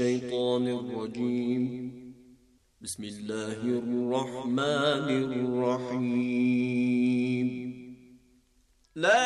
الشيطان الرجيم بسم الله الرحمن الرحيم لا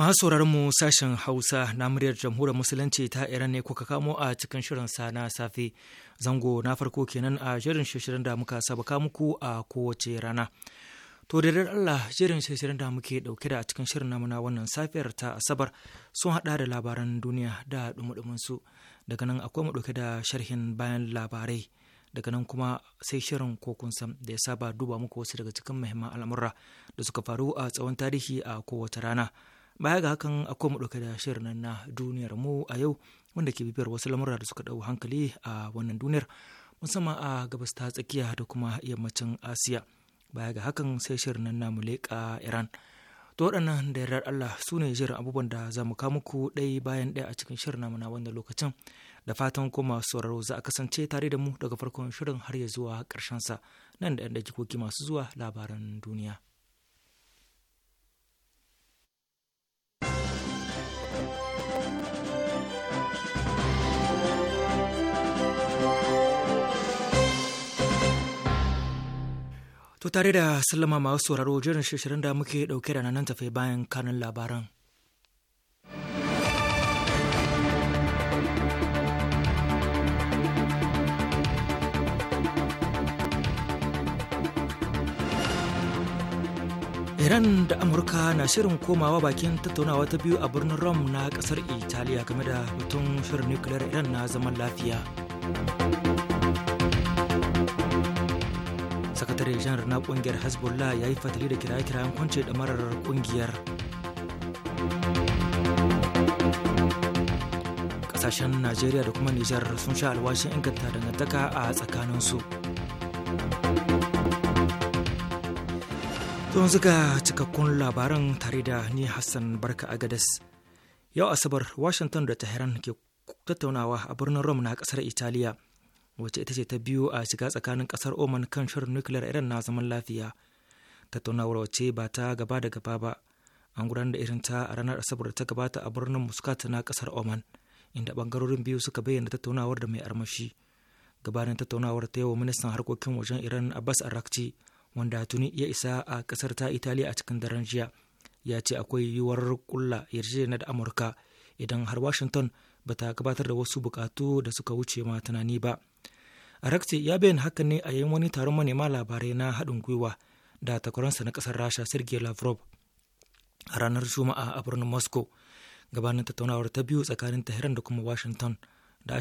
Masu mu sashen Hausa na muryar jamhuriyar Musulunci ta Iran ne kuka kamo a cikin shirin sa na safe. Zango na farko kenan a shirin shirin da muka sabaka muku a kowace rana. To da Allah shirin shirin da muke dauke da a cikin shirin namu na wannan safiyar ta Asabar sun hada da labaran duniya da dumudumin su. Daga nan akwai mu dauke da sharhin bayan labarai. Daga nan kuma sai shirin kun san da ya saba duba muku wasu daga cikin muhimman al'amura da suka faru a tsawon tarihi a kowace rana. baya ga hakan akwai mu ɗauke da shirin nan na duniyar mu a yau wanda ke bibiyar wasu lamura da suka ɗau hankali a wannan duniyar musamman a gabas ta tsakiya da kuma yammacin asiya baya ga hakan sai shirin nan namu leƙa iran to waɗannan da yarar allah su ne shirin abubuwan da za mu kawo muku ɗai bayan ɗaya a cikin shirin namu na wannan lokacin da fatan kuma sauraro za a kasance tare da mu daga farkon shirin har ya zuwa sa nan da 'yan dakikoki masu zuwa labaran duniya. To tare da sallama masu sauraro jirin shirin da muke dauke da nan tafe bayan kanun labaran. Iran da Amurka na shirin komawa bakin tattaunawa ta biyu a birnin rom na kasar Italiya game da batun shirin nukiliyar Iran na zaman lafiya. sakatare janar na kungiyar hezbollah ya yi fatali da kiraye-kirayen kwance marar kungiyar kasashen najeriya da kuma nijar sun sha alwashin inganta dangantaka a tsakaninsu don suka cikakkun labaran tare da ni hassan barka agadas yau asabar washington da tehran ke tattaunawa a birnin rome na kasar italiya wacce ita ce ta biyu a shiga tsakanin kasar oman kan shirin nukiliyar iran na zaman lafiya tattaunawar wacce ba ta gaba da gaba ba an gudanar da irin ta a ranar asabar da ta gabata a birnin muscat na kasar oman inda bangarorin biyu suka bayyana tattaunawar da mai armashi gabanin tattaunawar ta yawa ministan harkokin wajen iran abbas arakci wanda tuni ya isa a kasar ta italiya a cikin daren jiya ya ce akwai yiwuwar kulla yarjejeniya da amurka idan har washington ba ta gabatar da wasu bukatu da suka wuce ma tunani ba Arakci ya bayyana hakan ne a yayin wani taron manema labarai na haɗin gwiwa da takwaransa na ƙasar Rasha Sergei Lavrov a ranar Juma'a a birnin Moscow gabanin tattaunawar ta biyu tsakanin Tehran da kuma Washington da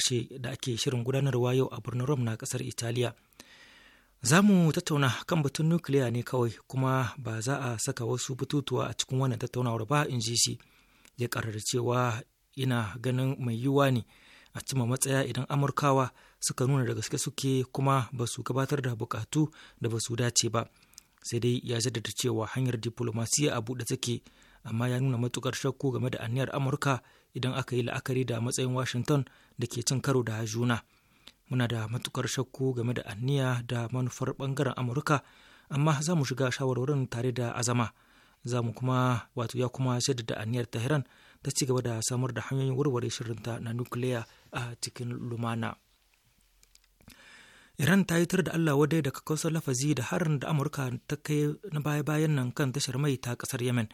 ake shirin gudanarwa yau a birnin Rome na ƙasar Italiya. Za mu tattauna kan batun nukiliya ne kawai kuma ba za a saka wasu bututuwa a cikin wannan tattaunawar ba in ji shi ya karar cewa ina ganin mai yiwuwa ne a cima matsaya idan Amurkawa suka nuna da gaske suke kuma ba su gabatar da bukatu da ba su dace ba sai dai ya jaddada cewa hanyar diplomasiya a buɗe take amma ya nuna matukar shakku game da aniyar amurka idan aka yi la'akari da matsayin washington da ke cin karo da juna muna da matukar shakku game da aniya da manufar bangaren amurka amma za mu shiga shawarwarin tare da azama za mu kuma wato ya kuma jaddada aniyar tehran ta ci gaba da samar da hanyoyin warware shirinta na nukiliya a cikin lumana. Iran ta yi tur da Allah wadai da kakausar lafazi da harin da Amurka ta kai na baya-bayan nan kan tashar mai ta kasar Yemen,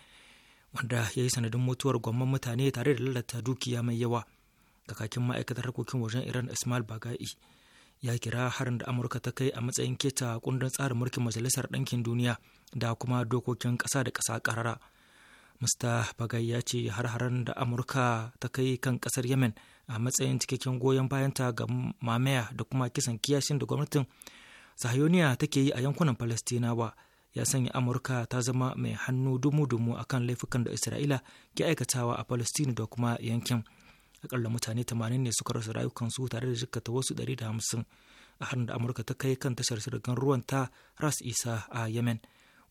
wanda ya yi sanadin mutuwar gwamman mutane tare da lalata dukiya mai yawa. Kakakin ma'aikatar harkokin wajen Iran Ismail Bagai ya kira harin da Amurka ta kai a matsayin keta kundin tsarin mulkin Majalisar ɗankin Duniya da kuma dokokin ƙasa da ƙasa ƙarara. mista bagai ya ce har-haren da amurka ta kai kan kasar yemen a matsayin cikakken goyon bayanta ga mamaya da kuma kisan kiyashin da gwamnatin sahayoniya take yi a yankunan falastinawa ya sanya amurka ta zama mai hannu dumu-dumu akan laifukan da isra'ila ke aikatawa a palestina da kuma yankin akalla mutane 80 ne suka rasa su tare da jikkata wasu 150 a harin da amurka ta kai kan tashar ruwan ta ras isa a yemen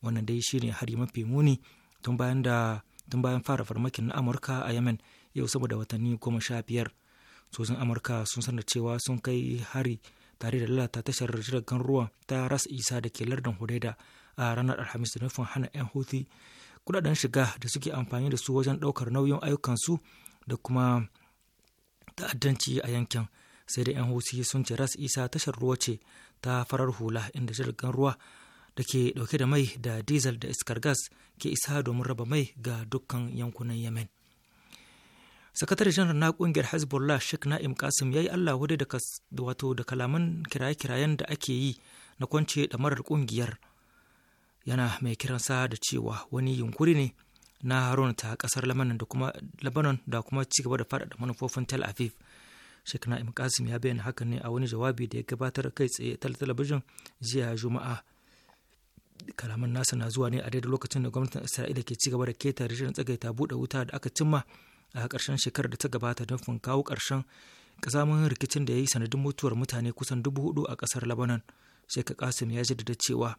wannan dai shine hari mafi muni tun bayan da tun bayan fara farmakin na amurka a yemen yau saboda watanni goma sha biyar sojin amurka sun sanar cewa sun kai hari tare da lalata tashar jiragen ruwa ta ras isa da ke lardin hudaida a ranar alhamis da nufin hana 'yan huti kudaden shiga da suke amfani da su wajen daukar nauyin ayyukansu da kuma ta'addanci a yankin sai da 'yan huti sun ce ras isa tashar ruwa ce ta farar hula inda jiragen ruwa da ke dauke da mai da diesel da iskar gas ke isa domin raba mai ga dukkan yankunan yemen sakatare janar na kungiyar hezbollah sheikh na'im kasim ya yi allah wadai da wato da kalaman kiraye-kirayen da ake yi na kwance da marar kungiyar yana mai kiransa da cewa wani yunkuri ne na ta kasar Lebanon da kuma Lebanon da kuma ci gaba da faɗaɗa manufofin Tel Aviv. Sheikh Na'im Qasim ya bayyana hakan ne a wani jawabi da ya gabatar kai tsaye ta talabijin jiya Juma'a kalaman nasa na zuwa ne a daidai lokacin da gwamnatin isra'ila ke ci gaba da keta rijiyar tsagaita buɗe wuta da aka cimma a ƙarshen shekarar da ta gabata don kawo ƙarshen ƙazamin rikicin da ya yi sanadin mutuwar mutane kusan dubu hudu a ƙasar labanan sheikh kasim ya jaddada cewa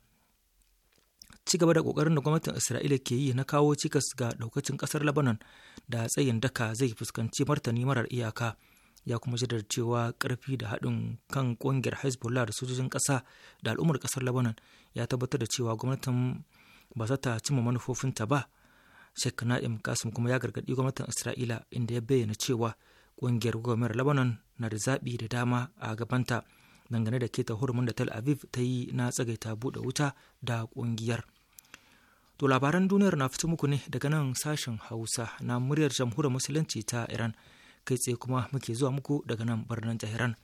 ci gaba da ƙoƙarin da gwamnatin isra'ila ke yi na kawo cikas ga ɗaukacin ƙasar labanan da tsayin daka zai fuskanci martani marar iyaka ya kuma jidar cewa karfi da haɗin kan ƙungiyar hezbollah da sojojin ƙasa da al'ummar ƙasar lebanon ya tabbatar da cewa gwamnatin ba za ta cimma manufofinta ba sheikh na'im kasim kuma ya gargaɗi gwamnatin isra'ila inda ya bayyana cewa ƙungiyar gwamnatin lebanon na da zaɓi da dama a gabanta dangane da keta hurumin da tel aviv ta yi na tsagaita buɗe wuta da ƙungiyar to labaran duniyar na fito muku ne daga nan sashen hausa na muryar jamhuriyar musulunci ta iran kai tsaye kuma muke zuwa muku daga nan birnin Tehran.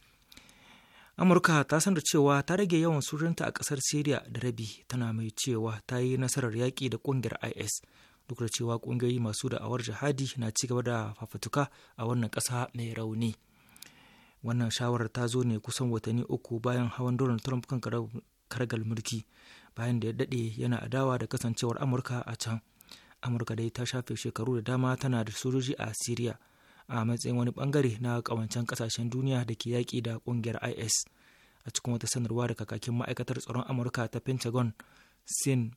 Amurka ta sanar cewa ta rage yawan sojojinta a kasar Syria da rabi tana mai cewa ta yi nasarar yaƙi da ƙungiyar IS duk da cewa ƙungiyoyi masu da'awar jihadi na ci gaba da fafutuka a wannan ƙasa mai rauni. Wannan shawarar ta zo ne kusan watanni uku bayan hawan Donald Trump kan kargal mulki bayan da ya daɗe yana adawa da kasancewar Amurka a can. Amurka dai ta shafe shekaru da dama tana da sojoji a Syria. a matsayin wani bangare na kawancen kasashen duniya da ke yaƙi da ƙungiyar is a cikin wata sanarwa da kakakin ma'aikatar tsaron amurka ta pentagon sin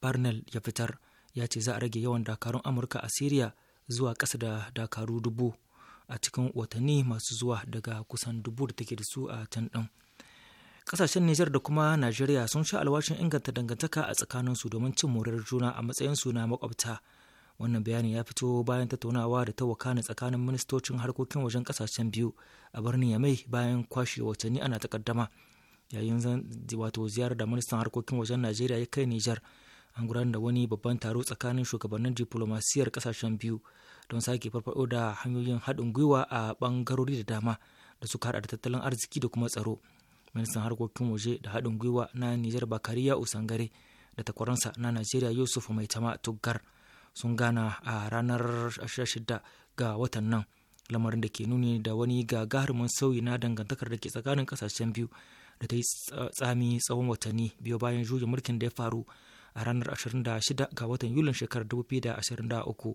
parnell ya fitar ya ce za a rage yawan dakarun amurka a syria zuwa ƙasa da dakaru dubu a cikin watanni masu zuwa daga kusan dubu da take da su a can ɗin kasashen Nijar da kuma Najeriya sun sha alwashin inganta dangantaka a tsakaninsu domin cin morar juna a matsayinsu na makwabta wannan bayanin ya fito bayan tattaunawa da ta wakana tsakanin ministocin harkokin wajen kasashen biyu a birnin yamai bayan kwashe watanni ana takaddama yayin wato ziyarar da ministan harkokin wajen najeriya ya kai nijar an gudanar da wani babban taro tsakanin shugabannin diplomasiyar kasashen biyu don sake farfado da hanyoyin haɗin gwiwa a bangarori da dama da suka haɗa da tattalin arziki da kuma tsaro ministan harkokin waje da haɗin gwiwa na nijar bakariya usangare da takwaransa na najeriya yusuf maitama tuggar sun gana a ranar 16 ga watan nan lamarin da ke nuni da wani gagarumin sauyi na dangantakar da ke tsakanin kasashen biyu da ta yi tsami tsawon watanni biyu bayan juya mulkin da ya faru a ranar 26 ga watan yulin shekarar 2023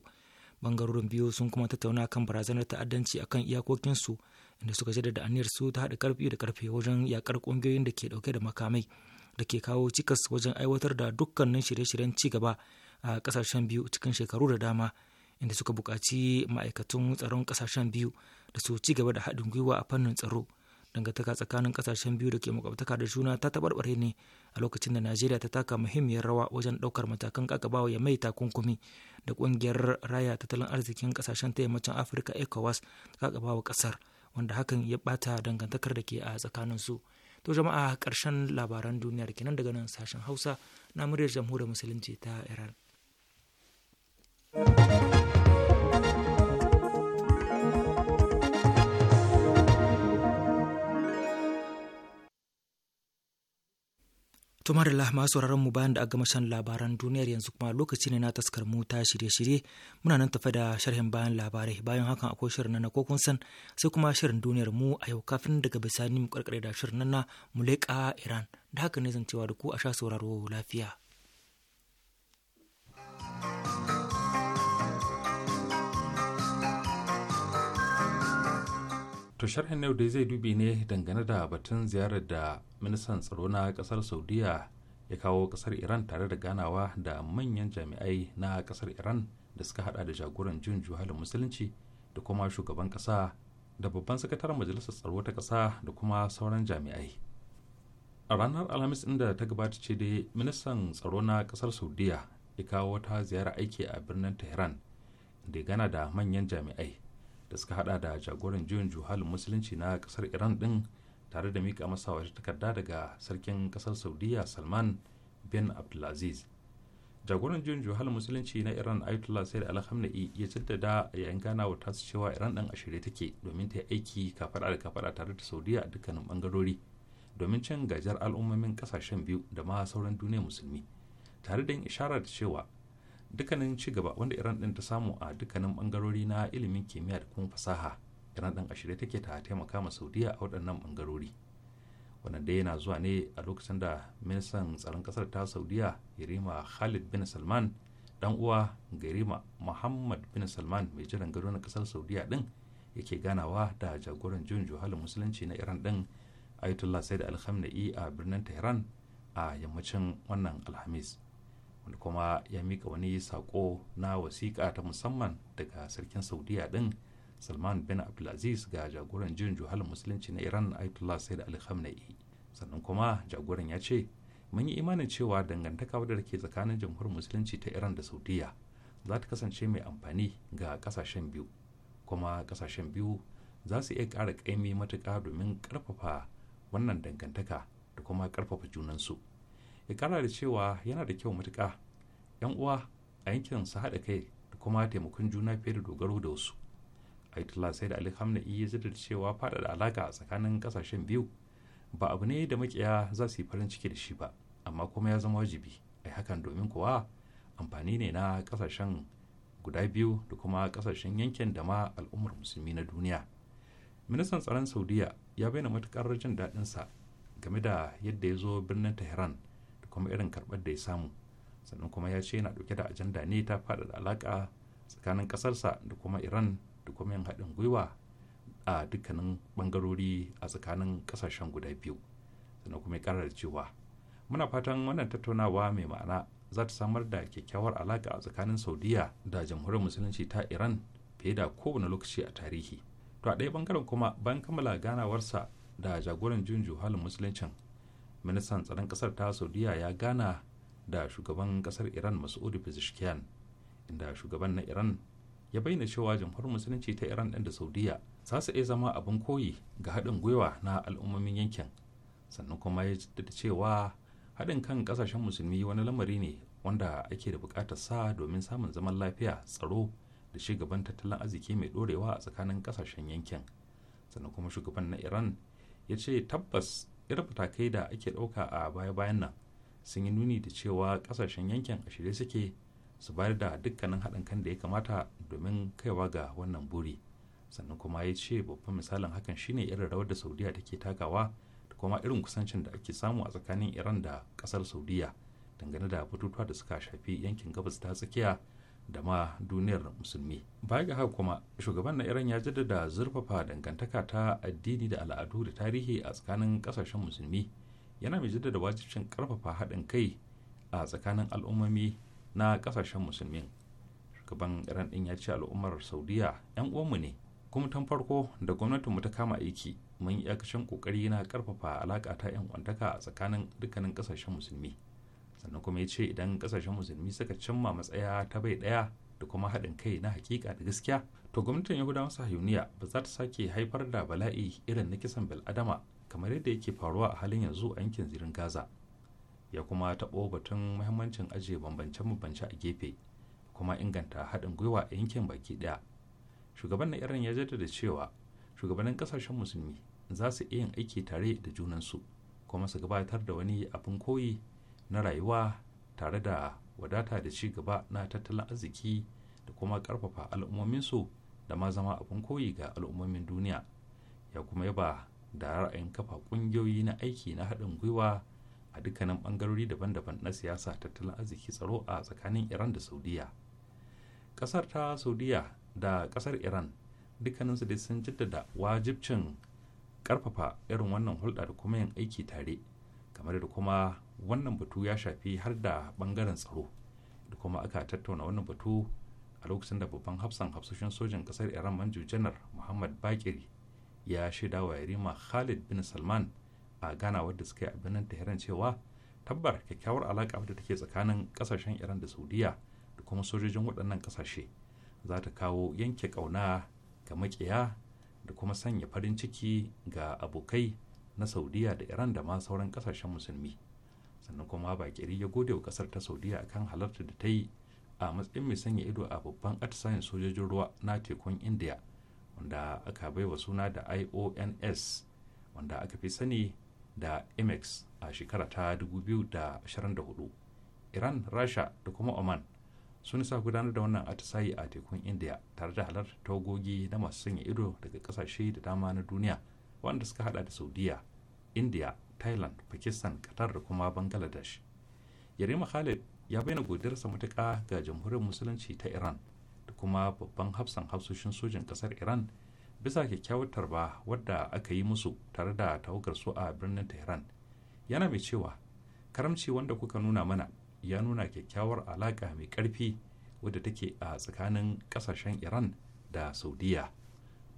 bangarorin biyu sun kuma tattauna kan barazanar ta'addanci a kan iyakokinsu inda suka jaddada aniyar su ta haɗa karfi da karfe wajen yakar ƙungiyoyin da ke ɗauke da makamai da ke kawo cikas wajen aiwatar da dukkanin shirye-shiryen ci gaba a kasashen biyu cikin shekaru da dama inda suka buƙaci ma'aikatan tsaron kasashen biyu da su ci gaba da haɗin gwiwa a fannin tsaro dangantaka tsakanin kasashen biyu da ke makwabtaka da juna ta taɓarɓare ne a lokacin da najeriya ta taka muhimmiyar rawa wajen ɗaukar matakan kakabawa ya mai takunkumi da ƙungiyar raya tattalin arzikin kasashen ta yammacin afirka ecowas kakabawa ƙasar wanda hakan ya ɓata dangantakar da ke a tsakanin su to jama'a ƙarshen labaran duniyar kenan daga nan sashen hausa na muryar jamhuriyar musulunci ta iran da Lahama sauraron mu bayan da aka shan labaran duniyar yanzu kuma lokaci ne na taskar mu ta shirye-shirye muna nan tafe da sharhin bayan labarai bayan hakan akwai shirin na kun san sai kuma shirin duniyar mu a yau kafin daga bisani mu karkare da shirin na muleka Iran da haka ne zan cewa da ku a sha sauraro lafiya. to sharhin yau dai zai dubi ne dangane da batun ziyarar da ministan tsaro na kasar saudiya ya kawo kasar iran tare da ganawa da manyan jami'ai na kasar iran da suka hada da jagoran jin juhalin musulunci da kuma shugaban kasa da babban sakataren majalisar tsaro ta kasa da kuma sauran jami'ai a ranar alhamis inda ta gabata ce dai ministan tsaro na kasar saudiya ya kawo wata ziyara aiki a birnin tehran da gana da manyan jami'ai da suka hada da jagoran juyin juhalin musulunci na kasar iran din tare da mika masa wata takarda daga sarkin kasar saudiya salman bin abdulaziz jagoran juyin juhalin musulunci na iran ayatollah sayyid alhamdulillah ya jaddada yayin ganawa ta su cewa iran din a shirye take domin ta yi aiki kafada da kafada tare da saudiya a dukkanin bangarori domin cin gajiyar al'ummomin kasashen biyu da ma sauran duniya musulmi tare da yin ishara da cewa dukkanin ci gaba wanda iran din ta samu a dukkanin bangarori na ilimin kimiyya da kuma fasaha iran din ashirin take ta taimaka ma saudiya a waɗannan bangarori wannan dai yana zuwa ne a lokacin da ministan tsaron kasar ta saudiya yarima khalid bin salman dan uwa garima muhammad bin salman mai jiran gado na kasar saudiya din yake ganawa da jagoran jin juhalin musulunci na iran din ayatollah said al a birnin tehran a yammacin wannan alhamis wanda kuma ya mika wani sako na wasiƙa ta musamman daga sarkin saudiya din salman bin abdulaziz ga jagoran jin juhalin musulunci na iran ayatollah said ali khamenei sannan kuma jagoran ya ce mun yi imanin cewa dangantaka wadda ke tsakanin jamhuriyar musulunci ta iran da saudiya za ta kasance mai amfani ga kasashen biyu kuma kasashen biyu za su iya ƙara ƙaimi matuka domin ƙarfafa wannan dangantaka da kuma ƙarfafa junansu ya da cewa yana da kyau matuƙa yan uwa a yankin su haɗa kai da kuma taimakon juna fiye da dogaro da wasu aitullah sai da alhamna iya ya da cewa faɗaɗa alaƙa tsakanin ƙasashen biyu ba abu ne da makiya za su yi farin ciki da shi ba amma kuma ya zama wajibi a hakan domin kuwa amfani ne na ƙasashen guda biyu da kuma ƙasashen yankin da ma al'ummar musulmi na duniya ministan tsaron saudiya ya bayyana matuƙar jin daɗinsa game da yadda ya zo birnin tehran kuma irin karɓar da ya samu sannan kuma ya ce yana ɗauke da ajanda ne ta da alaka tsakanin ƙasarsa da kuma iran da kuma yin haɗin gwiwa a dukkanin ɓangarori a tsakanin ƙasashen guda biyu sannan kuma ya ƙara da cewa muna fatan wannan tattaunawa mai ma'ana za ta samar da kyakkyawar alaka a tsakanin saudiya da jamhuriyar musulunci ta iran fiye da kowane lokaci a tarihi to a ɗaya ɓangaren kuma bayan kammala ganawarsa da jagoran juyin juhalin musuluncin ministan tsaron kasar ta saudiya ya gana da shugaban kasar iran mas'ud pezeshkian inda shugaban na iran ya bayyana cewa jamhuriyar musulunci ta iran ɗin da saudiya za su iya zama abin koyi ga haɗin gwiwa na al'ummomin yankin sannan kuma ya jaddada cewa haɗin kan ƙasashen musulmi wani lamari ne wanda ake da buƙatar sa domin samun zaman lafiya tsaro da ci gaban tattalin arziki mai ɗorewa a tsakanin ƙasashen yankin sannan kuma shugaban na iran ya ce tabbas irin matakai da ake ɗauka a baya-bayan nan sun yi nuni da cewa ƙasashen yankin a shirye suke su bayar da dukkanin haɗin kan da ya kamata domin kaiwa ga wannan buri sannan kuma ya ce babban misalin hakan shine irin rawar da saudiya take takawa da kuma irin kusancin da ake samu a tsakanin iran da ƙasar saudiya dangane da batutuwa da suka shafi yankin gabas ta tsakiya da ma duniyar musulmi baya ga haka kuma shugaban na iran ya jaddada zurfafa dangantaka ta addini da al'adu da tarihi a tsakanin kasashen musulmi yana mai jaddada wajibcin karfafa haɗin kai a tsakanin al'ummomi na kasashen musulmin shugaban iran din ya ce al'ummar saudiya 'yan uwanmu ne kuma tun farko da mu ta kama aiki mun yi kokari na karfafa alaƙa ta 'yan kwantaka a tsakanin dukkanin kasashen musulmi sannan kuma ya ce idan kasashen musulmi suka cimma matsaya ta bai daya da kuma haɗin kai na hakika da gaskiya to gwamnatin masa hayuniya ba za ta sake haifar da bala'i irin na kisan bil'adama kamar yadda yake faruwa a halin yanzu a yankin zirin gaza ya kuma taɓo batun muhimmancin ajiye bambance-bambance a gefe kuma inganta haɗin gwiwa a yankin baki ɗaya shugaban na iran ya jaddada cewa shugabannin kasashen musulmi za su iya yin aiki tare da junansu kuma su gabatar da wani abin koyi na rayuwa tare da wadata da ci gaba na tattalin arziki da kuma karfafa al'ummominsu da ma zama abin koyi ga al'ummomin duniya ya kuma yaba da ra'ayin kafa kungiyoyi na aiki na haɗin gwiwa a dukkanin bangarori daban-daban na siyasa tattalin arziki tsaro a tsakanin iran da saudiya ƙasar ta saudiya da ƙasar iran dukkaninsu dai sun jaddada wajibcin karfafa irin wannan hulɗa da kuma yin aiki tare kamar da kuma wannan batu ya shafi har da bangaren tsaro da kuma aka tattauna wannan batu a lokacin da babban hafsan hafsoshin sojin kasar iran manju janar muhammad bakiri ya shaida wa yarima khalid bin salman a gana wadda suka yi a birnin tehran cewa tabbar kyakkyawar alaƙa da take tsakanin ƙasashen iran da saudiya da kuma sojojin waɗannan ƙasashe za ta kawo yanke ƙauna ga maƙiya da kuma sanya farin ciki ga abokai na saudiya da iran da ma sauran ƙasashen musulmi sannan kuma bakiri ya gode wa kasar ta saudiya kan halarta da ta yi a matsayin mai sanya ido a babban atisayen sojojin ruwa na tekun india wanda aka baiwa suna da ions wanda aka fi sani da imex a shekara ta 2024 iran rasha da kuma oman sun sa gudanar da wannan atisayi a tekun india tare da halartar wagogi na masu sanya ido daga kasashe da dama na duniya wanda suka hada da saudiya india thailand pakistan qatar da kuma bangladesh yarima khalid ya bayyana godiyarsa matuƙa ga jamhuriyar musulunci ta iran da kuma babban hafsan hafsoshin sojin ƙasar iran bisa kyakkyawar tarba wadda aka yi musu tare da tawagar su a birnin tehran yana mai cewa karamci wanda kuka nuna mana ya nuna kyakkyawar alaƙa mai ƙarfi wadda take a tsakanin ƙasashen iran da saudiya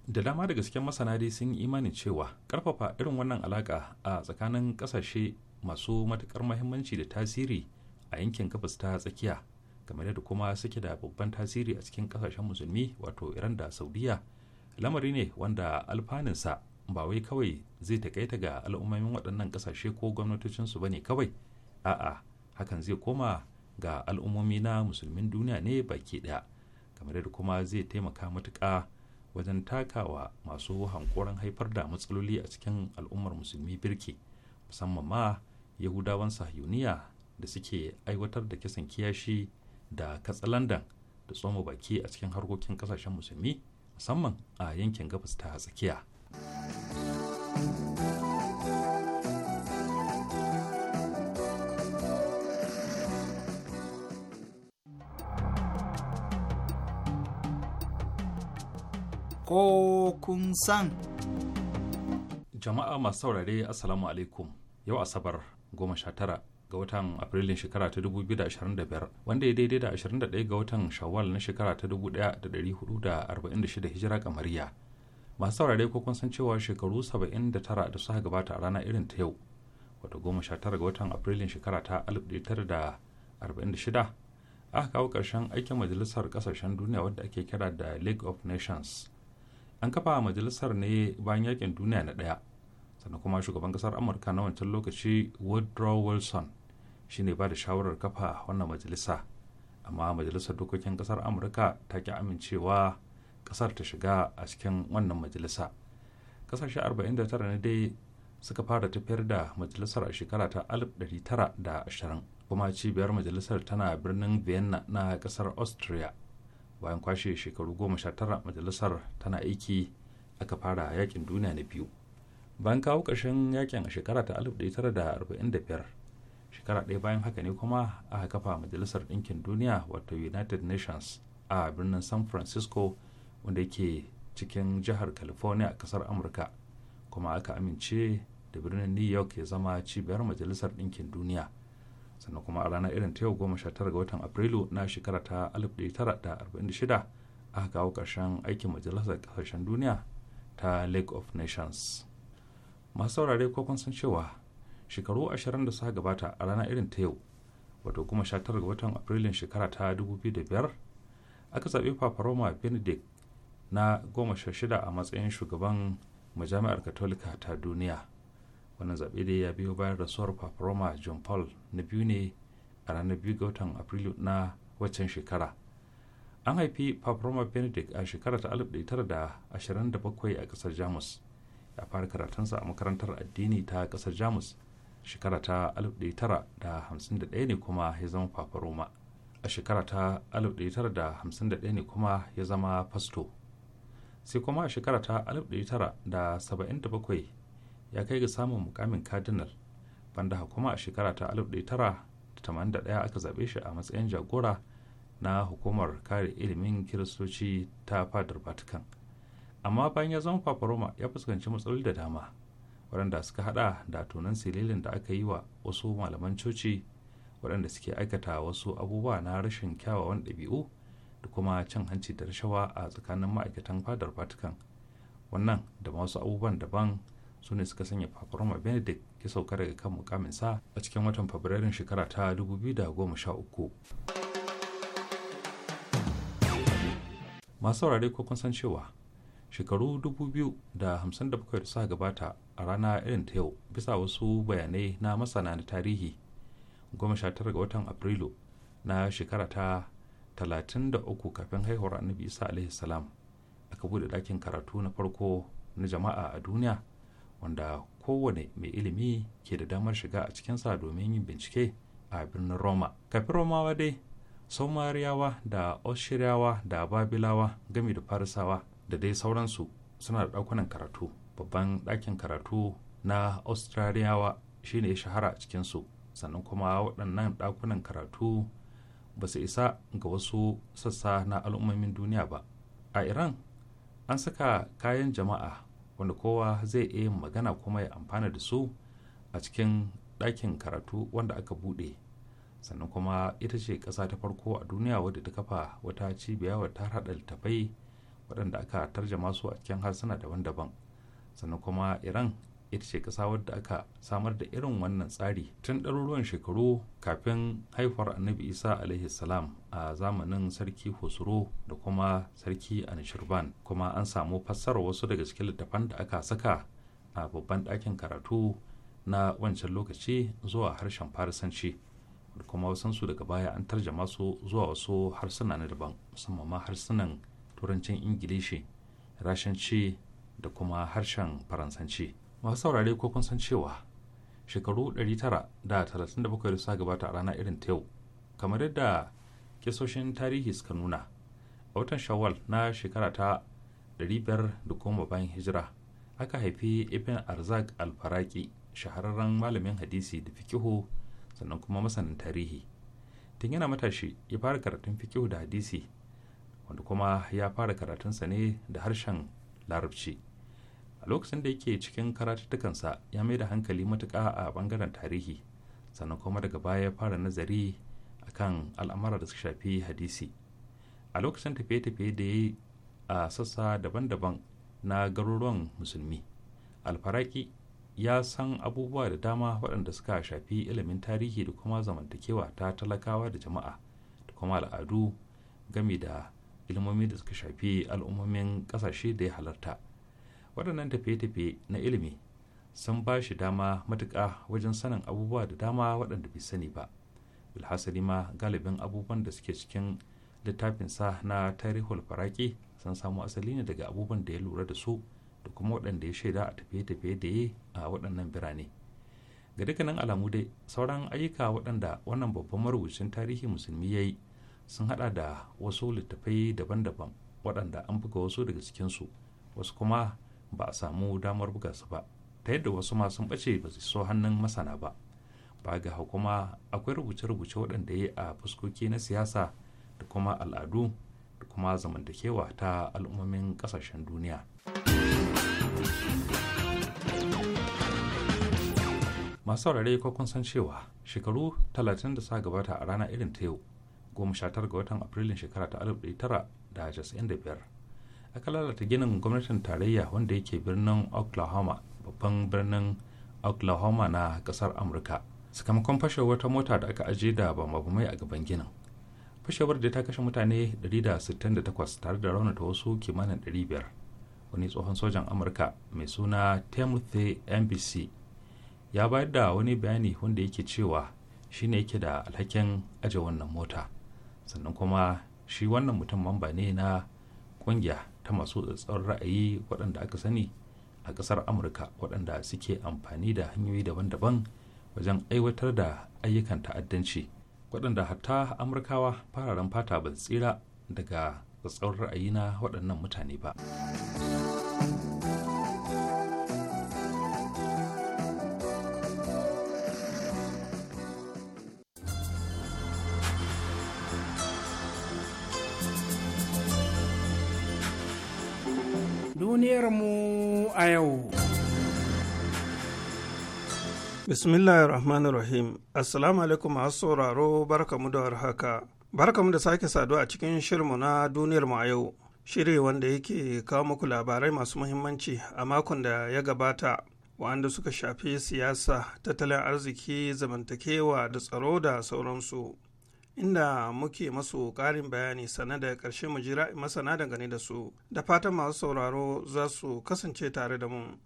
da dama da gasken masana dai sun yi imani cewa karfafa irin wannan alaka a tsakanin kasashe masu matukar mahimmanci da tasiri a yankin gabas ta tsakiya kamar da kuma suke da babban tasiri a cikin kasashen musulmi wato iran da saudiya lamari ne wanda alfaninsa ba wai kawai zai takaita ga al'ummomin waɗannan kasashe ko gwamnatocinsu ba ne kawai a'a hakan zai koma ga al'ummomi na musulmin duniya ne baki ɗaya kamar da kuma zai taimaka matuƙa wajen takawa masu hankoron haifar da matsaloli a cikin al'ummar musulmi birki musamman ma yahudawan sahiyuniya da suke aiwatar da kisan kiyashi da landan da tsoma baki a cikin harkokin kasashen musulmi musamman a yankin gabas ta tsakiya. ko kun san. Jama'a masu saurare Assalamu alaikum yau Asabar goma sha tara ga watan Afrilun shekara ta 2025 wanda ya daidai da 21 ga watan Shawwal na shekara ta 1446 Hijira kamariya. Masu saurare ko kun san cewa shekaru 79 da suka gabata a rana irin ta yau wato goma sha tara ga watan Afrilun shekara ta 1946 aka kawo ƙarshen aikin majalisar ƙasashen duniya wadda ake kira da league of nations an kafa majalisar ne bayan yakin duniya na ɗaya sannan kuma shugaban kasar amurka na wancan lokaci woodrow wilson shine ba da shawarar kafa wannan majalisa amma majalisar dokokin kasar amurka ta ki amincewa kasar ta shiga a cikin wannan majalisa kasashe 49 ne dai suka fara tafiyar da majalisar a shekara ta 1920 kuma cibiyar majalisar tana birnin vienna na kasar austria bayan kwashe shekaru goma sha tara majalisar tana aiki aka fara yakin duniya na biyu bayan kawo ƙarshen yakin a shekara ta 1945 shekara ɗaya bayan haka ne kuma aka kafa majalisar ɗinkin duniya wato united nations a birnin san francisco wanda yake cikin jihar california a ƙasar amurka kuma aka amince da birnin new york ya zama cibiyar majalisar ɗinkin duniya sannan kuma a ranar irin ta yau goma sha tara ga watan afrilu na shekara ta 1946 aka kawo ƙarshen aikin majalisar kasashen duniya ta lake of nations masu saurare ko kun san cewa shekaru ashirin da suka gabata a ranar irin ta yau wato kuma sha tara ga watan afrilun shekara ta 2005 aka zaɓi paparoma benedict na goma sha shida a matsayin shugaban majami'ar katolika ta duniya wannan zaɓe dai ya biyo bayan rasuwar paparoma john paul na biyu ne a ranar biyu ga watan afrilu na waccan shekara an haifi paparoma benedict a shekara ta 1927 a ƙasar jamus ya fara karatunsa a makarantar addini ta ƙasar jamus shekara ta 1951 ne kuma ya zama paparoma a shekara ta 1951 ne kuma ya zama fasto sai kuma a shekara ta 1977 ya kai ga samun mukamin kadinar banda kuma a shekara ta 1981 aka zaɓe shi a matsayin jagora na hukumar kare ilimin kiristoci ta fadar vatican amma bayan ya zama paparoma ya fuskanci matsaloli da dama waɗanda suka hada da tunan sililin da aka yi wa wasu malaman coci waɗanda suke aikata wasu abubuwa na rashin kyawawan ɗabi'u da kuma cin hanci da rashawa a tsakanin ma'aikatan fadar vatican wannan da wasu abubuwan daban su ne suka sanya paparoma benedict ya sauka daga kan mukaminsa a cikin watan fabrairun shekara ta 2013 masu saurare ko kun san cewa shekaru 2057 da suka gabata a rana irin ta yau bisa wasu bayanai na masana na tarihi 19 ga watan afrilu na shekara ta 33 kafin haihuwar annabi isa alaihi salam aka bude dakin karatu na farko na jama'a a duniya wanda kowane mai ilimi ke da damar shiga a cikinsa domin yin bincike a birnin roma kafin romawa dai somariyawa da Oshiryawa da babilawa gami da farisawa da dai sauransu suna da ɗakunan karatu babban ɗakin karatu na australiyawa shine ya shahara a cikinsu sannan kuma waɗannan ɗakunan karatu ba su isa ga wasu sassa na al'ummomin duniya ba a iran an saka kayan jama'a wanda kowa zai iya yin magana kuma ya amfana da su a cikin ɗakin karatu wanda aka buɗe sannan kuma ita ce ƙasa ta farko a duniya wadda ta kafa wata cibiya wa ta haɗa littafai waɗanda aka tarjama su a cikin harsuna daban-daban sannan kuma iran ita ce ƙasa wadda aka samar da irin wannan tsari tun ɗaruruwan shekaru kafin haifar annabi isa alaihi salam a zamanin sarki hosuro da kuma sarki anishirban kuma an samu fassarar wasu daga cikin littafan da aka saka a babban ɗakin karatu na wancan lokaci zuwa harshen farisanci da kuma wasansu daga baya an tarjama su zuwa wasu harsuna na daban musamman ma harsunan turancin ingilishi rashanci da kuma harshen faransanci masu saurare ko kun san cewa shekaru 937 da suka gabata a rana irin ta yau kamar yadda kisoshin tarihi suka nuna a watan shawwal na shekara ta 510 bayan hijira aka haifi ibn arzak alfaraki shahararren malamin hadisi da fikihu sannan kuma masanin tarihi tun yana matashi ya fara karatun fikihu da hadisi wanda kuma ya fara karatunsa ne da harshen larabci a lokacin da yake cikin karatuttukansa ya mai da hankali matuka a bangaren tarihi sannan kuma daga baya ya fara nazari a kan al'amara da suka shafi hadisi a lokacin tafiye-tafiye da ya yi a sassa daban-daban na garuruwan musulmi alfaraki ya san abubuwa da dama waɗanda suka shafi ilimin tarihi da kuma zamantakewa ta talakawa da jama'a da kuma al'adu game da ilmomi da suka shafi al'ummomin ƙasashe da ya halarta. waɗannan tafiye-tafiye na ilimi sun ba shi dama matuƙa wajen sanin abubuwa da dama waɗanda bai sani ba bilhassali ma galibin abubuwan da suke cikin littafinsa na tarihul faraki sun samo asali ne daga abubuwan da ya lura da su da kuma waɗanda ya shaida a tafiye-tafiye da ya a waɗannan birane ga dukkanin alamu dai sauran ayyuka waɗanda wannan babban marubucin tarihi musulmi ya yi sun haɗa da wasu littafai daban-daban waɗanda an buga wasu daga cikinsu wasu kuma ba a samu damar buga su ba ta yadda wasu ma sun bace ba su so hannun masana ba ba ga kuma akwai rubuce-rubuce waɗanda ya yi a fuskoki na siyasa da kuma al'adu da kuma zamantakewa ta al'ummomin ƙasashen duniya masu saurare ko kun san cewa shekaru 30 da sa gabata a rana irin ta yau 19 ga watan afrilun shekara ta 1995 aka lalata ginin gwamnatin tarayya wanda yake birnin oklahoma babban birnin oklahoma na kasar amurka sakamakon fashewar wata mota da aka ajiye da mai a gaban ginin fashewar da ta kashe mutane 168 tare da raunata wasu kimanin 500 wani tsohon sojan amurka mai suna timothy mbc ya bayar da wani bayani wanda yake cewa shi ne yake da alhakin aje wannan mota sannan kuma shi wannan mutum mamba ne na kungiya ta masu tsatsauran ra'ayi waɗanda aka sani a ƙasar amurka waɗanda suke amfani da hanyoyi daban-daban wajen aiwatar da ayyukan ta'addanci waɗanda hatta amurkawa fararen fata ba tsira daga tsatsauran ra'ayi na waɗannan mutane ba. duniyarmu a yau. Bismillahir Rahmanir Rahim. Assalamu alaikum masu sauraro barkamu da warhaka. Barkamu da sake saduwa a cikin shirmu na duniyarmu a yau. Shiri wanda yake kawo muku labarai masu muhimmanci a makon da ya gabata wanda suka shafi siyasa, tattalin arziki, zamantakewa da tsaro da sauransu. inda muke masu ƙarin bayani sana da ƙarshe mu jira masana dangane da su da fatan masu sauraro za su kasance tare da mu.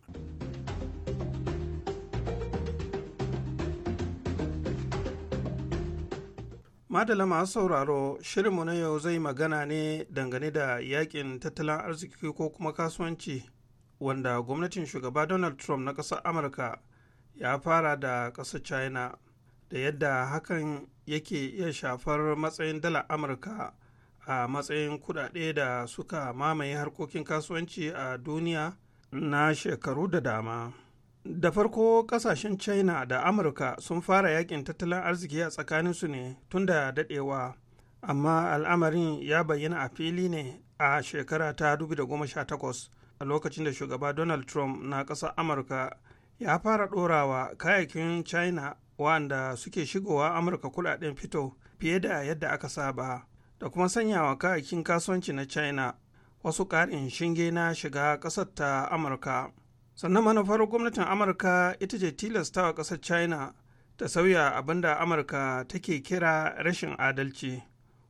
Madala masu sauraro shirinmu na yau zai magana ne dangane da yakin tattalin arziki ko kuma kasuwanci wanda gwamnatin shugaba Donald Trump na ƙasar Amurka ya fara da ƙasar China. da yadda hakan yake iya shafar matsayin dala amurka a matsayin kudade da suka mamaye harkokin kasuwanci a duniya na shekaru da dama da farko kasashen china da amurka sun fara yakin tattalin arziki a tsakaninsu ne tun da dadewa amma al'amarin ya bayyana a fili ne a shekara ta 2018 a lokacin da shugaba donald trump na ƙasar amurka ya fara ɗorawa kayakin china wanda suke shigowa amurka kudaden fito fiye da yadda aka saba da kuma sanyawa kayakin kasuwanci na china wasu ƙarin shinge na shiga ƙasar ta amurka sannan manufar gwamnatin amurka ita ce tilastawa ƙasar china ta sauya abin da amurka take kira rashin adalci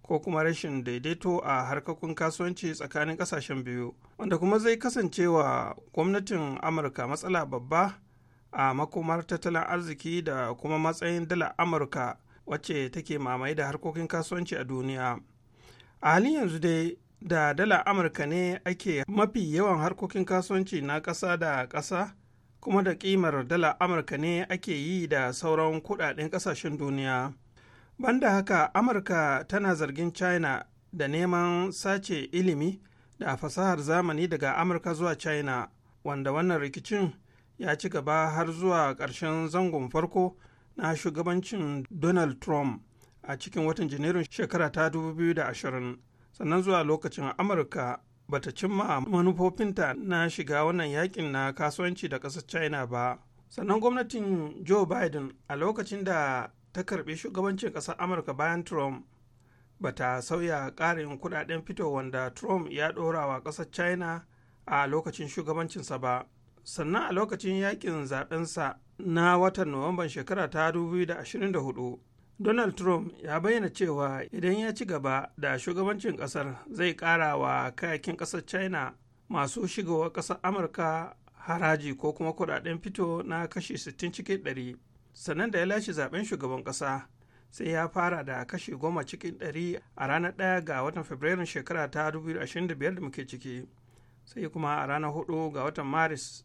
ko kuma rashin daidaito a harkokin kasuwanci tsakanin ƙasashen biyu wanda kuma zai kasancewa gwamnatin amurka matsala babba a makomar tattalin arziki da kuma matsayin dala amurka wacce take mamaye da harkokin kasuwanci a duniya a halin yanzu dai da dala amurka ne ake mafi yawan harkokin kasuwanci na ƙasa da ƙasa kuma da ƙimar dala amurka ne ake yi da sauran kuɗaɗen ƙasashen duniya banda haka amurka tana zargin china da neman sace ilimi da fasahar zamani daga amurka zuwa china wanda wannan rikicin ya ci gaba har zuwa ƙarshen zangon farko na shugabancin donald trump a cikin watan janairun shekara ta 2020 sannan zuwa lokacin amurka bata cimma manufofinta na shiga wannan yakin na kasuwanci da ƙasar china ba sannan gwamnatin joe biden a lokacin da ta karbi shugabancin ƙasar amurka bayan trump bata sauya ƙarin kudaden fito wanda trump ya ɗora wa ƙasar china a lokacin shugabancinsa ba sannan a lokacin yakin zaɓensa na watan nuwamban shekara ta 2024 donald trump ya bayyana cewa idan ya ci gaba da shugabancin ƙasar zai ƙara wa kayakin ƙasar china masu shigowa ƙasar amurka haraji ko kuma kuɗaɗen fito na kashi 60 cikin 100 sannan da ya lashe zaben shugaban ƙasa sai ya fara da kashi 10 cikin 100 a ranar 1 ga watan fabrairun shekara ta 2025 da muke ciki sai kuma a ranar 4 ga watan maris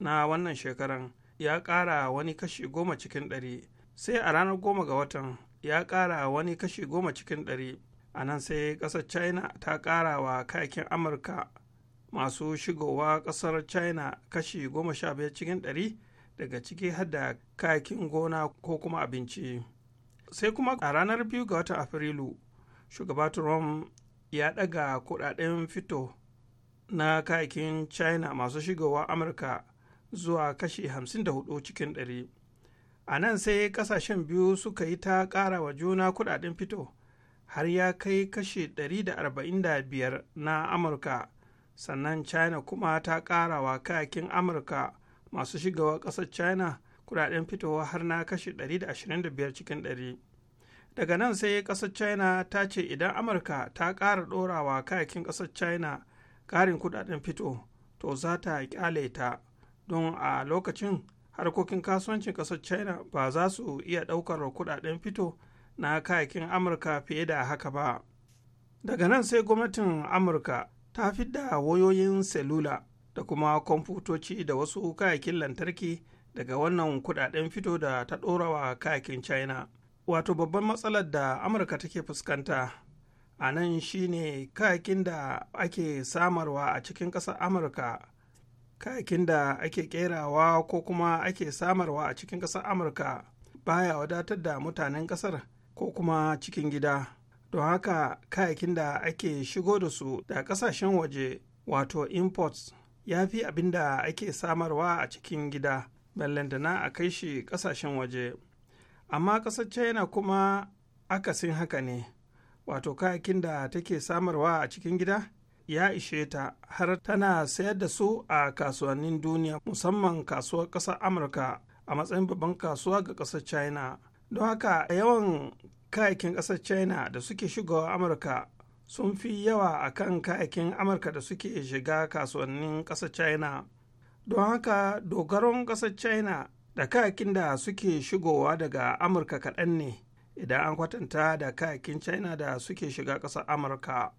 na wannan shekaran ya ƙara wani kashi goma cikin ɗari sai a ranar goma ga watan ya kara wani kashi goma cikin ɗari a nan sai ƙasar china ta kara wa kayakin amurka masu shigowa ƙasar china kashi goma sha biyar cikin ɗari daga ciki hada kayakin gona ko kuma abinci sai kuma a ranar biyu ga watan afrilu shugaba trump ya ɗaga kuɗaɗen fito na kayakin china masu shigowa amurka zuwa kashi 54 cikin 100 a nan sai kasashen biyu suka yi ta kara wa juna kudaden fito har ya kai kashi 145 na amurka sannan china kuma ta kara wa kayakin amurka masu shigawa kasar china kudaden fito har na kashi 125 cikin 100 daga nan sai kasar china ta ce idan amurka ta ƙara ɗorawa kayakin kasar china ƙarin kudaden fito to za ta ƙyale ta don a lokacin harkokin kasuwancin kasar china ba za su iya ɗaukar kuɗaɗen fito na kayakin amurka fiye da haka ba daga nan sai gwamnatin amurka ta fi da wayoyin selula da kuma kwamfutoci da wasu kayakin lantarki daga wannan kudaden fito da ta ɗorawa wa kayakin china wato babban matsalar da amurka take fuskanta a nan shine kayakin da ake samarwa a cikin ƙasar amurka kayakin da ake kerawa ko kuma ake samarwa a cikin ƙasar amurka baya wadatar da mutanen ƙasar ko kuma cikin gida don haka kayakin da ake shigo da su da ƙasashen waje wato imports ya fi abin da ake samarwa a cikin gida da na a kai shi ƙasashen waje amma ƙasar china kuma akasin haka ne wato kayakin da take samarwa a cikin gida ya ishe ta har tana sayar da su a kasuwannin duniya musamman kasuwar ƙasar amurka a matsayin babban kasuwa ga ƙasar china don haka yawan kayakin ƙasar china da suke shigowa amurka sun fi yawa a kan kayakin amurka da suke shiga kasuwannin ƙasar china don haka dogaron ƙasar china da kayakin da suke shigowa daga amurka kaɗan ne idan an kwatanta da kayakin china da suke shiga ƙasar amurka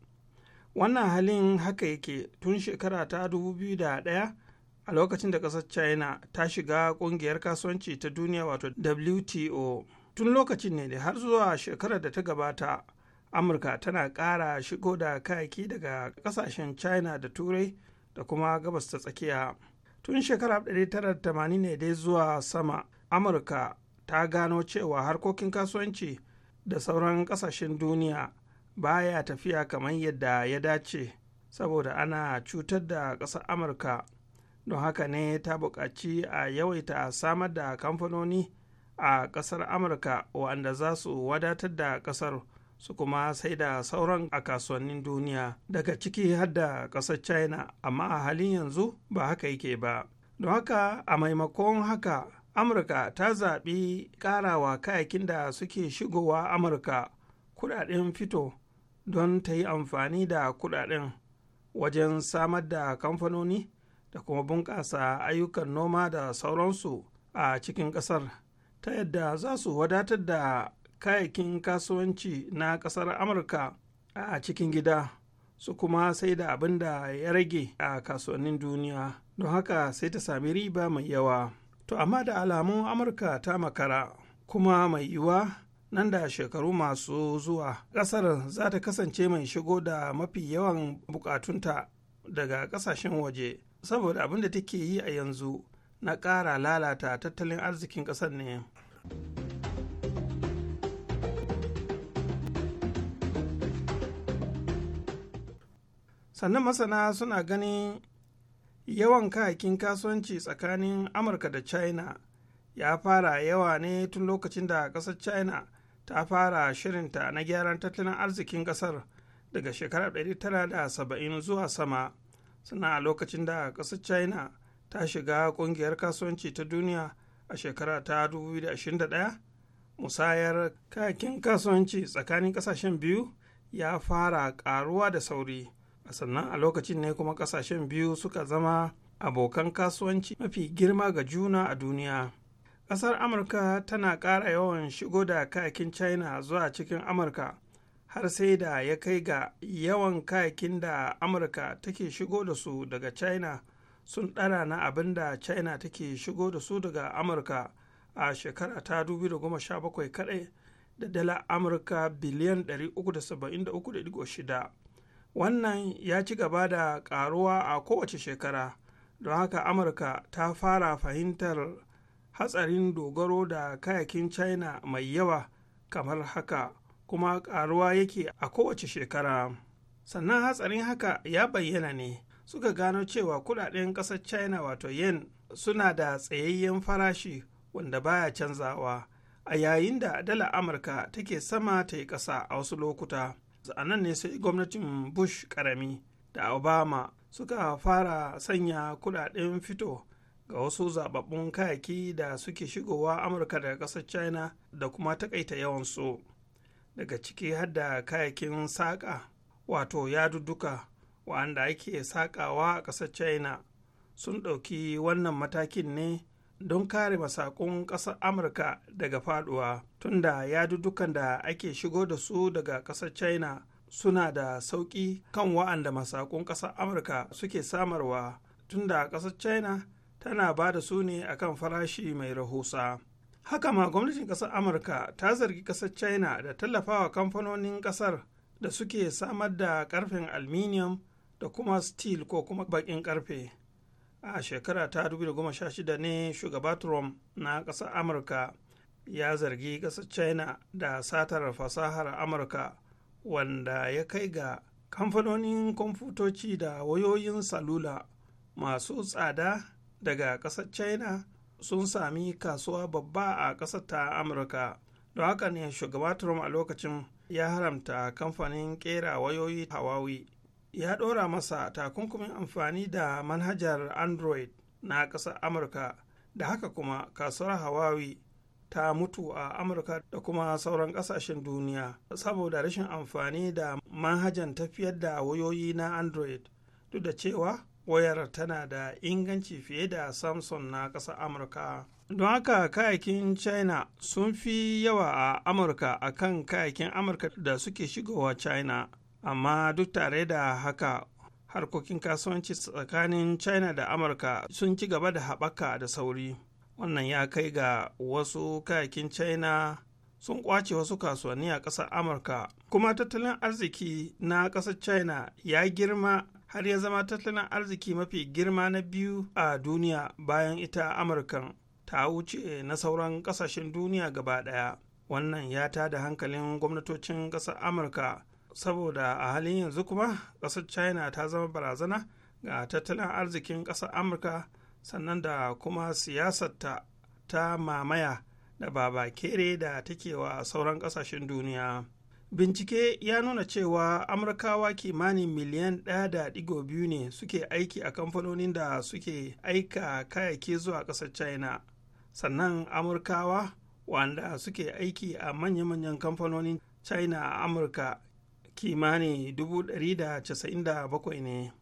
wannan halin haka yake tun shekara ta 2001 a lokacin da ƙasar china ta shiga ƙungiyar kasuwanci ta duniya wato wto tun lokacin ne da har zuwa shekarar da ta gabata amurka tana ƙara shigo da kayaki daga ƙasashen china da turai da kuma gabas ta tsakiya tun shekara 1980 ne dai zuwa sama amurka ta gano cewa harkokin kasuwanci da sauran ƙasashen duniya baya tafiya kamar yadda ya dace saboda ana cutar da ƙasar amurka don haka ne ta buƙaci a yawaita samar da kamfanoni a ƙasar amurka wanda za su wadatar da ƙasar su kuma sai da sauran a kasuwannin duniya daga ciki har da ƙasar china amma a halin yanzu ba haka yake ba don haka a maimakon haka amurka ta zaɓi ƙarawa kayakin da suke shigowa amurka kuɗaɗen fito don ta yi amfani da kudaden wajen samar da kamfanoni da kuma bunƙasa ayyukan noma da sauransu a cikin ƙasar ta yadda za su wadatar da kayakin kasuwanci na ƙasar amurka a cikin gida su kuma sai da abin da ya rage a kasuwannin duniya don haka sai ta sami riba mai yawa to amma da alamun amurka ta makara kuma mai yiwuwa nan da shekaru masu zuwa ƙasar za ta kasance mai shigo da mafi yawan bukatunta daga ƙasashen waje saboda abin da take yi a yanzu na ƙara lalata tattalin arzikin ƙasar ne. sannan masana suna ganin yawan kayakin kasuwanci tsakanin amurka da china ya fara yawa ne tun lokacin da ƙasar china ta fara shirinta na gyaran tattalin arzikin kasar daga shekarar 1970 zuwa sama suna a lokacin da ƙasar china ta shiga ƙungiyar kasuwanci ta duniya a shekara ta 2021 musayar kayakin kasuwanci tsakanin ƙasashen biyu ya fara ƙaruwa da sauri sannan a lokacin ne kuma ƙasashen biyu suka zama abokan kasuwanci mafi girma ga juna a duniya ƙasar amurka tana ƙara yawan shigo da kayakin china zuwa cikin amurka har sai da ya kai ga yawan kayakin da amurka take shigo da su daga china sun ɗara na abin da china take shigo da su daga amurka a shekara ta 2017 kaɗai da dala amurka biliyan 373.6 wannan ya ci gaba da ƙaruwa a kowace shekara don haka amurka ta fara fahimtar hatsarin dogaro da kayakin china mai yawa kamar haka kuma karuwa yake a kowace shekara sannan hatsarin haka ya bayyana ne suka gano cewa kudaden kasar china wato yen suna da tsayayyen farashi wanda baya canzawa a yayin da dala amurka take sama ta yi ƙasa a wasu lokuta nan ne sai gwamnatin bush karami da obama suka fara sanya kudaden fito ga wasu zababbun kayaki da suke shigowa amurka daga ƙasar china da kuma takaita yawansu daga ciki har da kayakin saƙa wato yadudduka wa'anda ake saƙawa a ƙasar china sun ɗauki wannan matakin ne don kare masakun ƙasar amurka daga faduwa tunda yaduddukan da ake shigo da su daga ƙasar china suna da sauƙi kan wa'anda masakun ƙasar amurka suke samarwa tunda ƙasar china tana ba da su ne kan farashi mai rahusa haka ma gwamnatin ƙasar amurka ta zargi ƙasar china da tallafawa kamfanonin ƙasar da suke samar da ƙarfin aluminium da kuma steel ko kuma baƙin ƙarfe a shekara ta 2016 ne shugaba trump na ƙasar amurka ya zargi ƙasar china da satar fasahar amurka wanda ya kai ga kamfanonin kwamfutoci da wayoyin salula masu tsada daga ƙasar china sun sami kasuwa babba a ƙasar ta amurka don haka ne shugaba trump a lokacin ya haramta kamfanin ƙera wayoyi hawawi ya ɗora masa takunkumin amfani da manhajar android na ƙasar amurka da haka kuma kasuwar hawawi ta mutu a amurka da kuma sauran ƙasashen duniya saboda rashin amfani da manhajan tafiyar da wayoyi na android duk da cewa wayar tana da inganci fiye da samsung na ƙasar amurka don haka kayakin china sun fi yawa a amurka a kan kayakin amurka da suke shigowa china amma duk tare da haka harkokin kasuwanci tsakanin china da amurka sun ci gaba da haɓaka da sauri wannan ya kai ga wasu kayakin china sun kwace wasu kasuwanni a ƙasar amurka kuma tattalin arziki na ƙasar china ya girma har ya zama tattalin arziki mafi girma na biyu a duniya bayan ita amurkan ta wuce na sauran kasashen duniya gaba daya wannan ya da hankalin gwamnatocin kasar amurka saboda a halin yanzu kuma kasar china ta zama barazana ga tattalin arzikin kasar amurka sannan da kuma siyasarta ta mamaya da kere da take wa sauran kasashen duniya bincike ya nuna cewa amurkawa kimanin miliyan 1.2 ne suke aiki a kamfanonin da suke aika kayayyaki zuwa ƙasar china sannan amurkawa wanda suke aiki a manya-manyan kamfanonin china a amurka kimanin 197 ne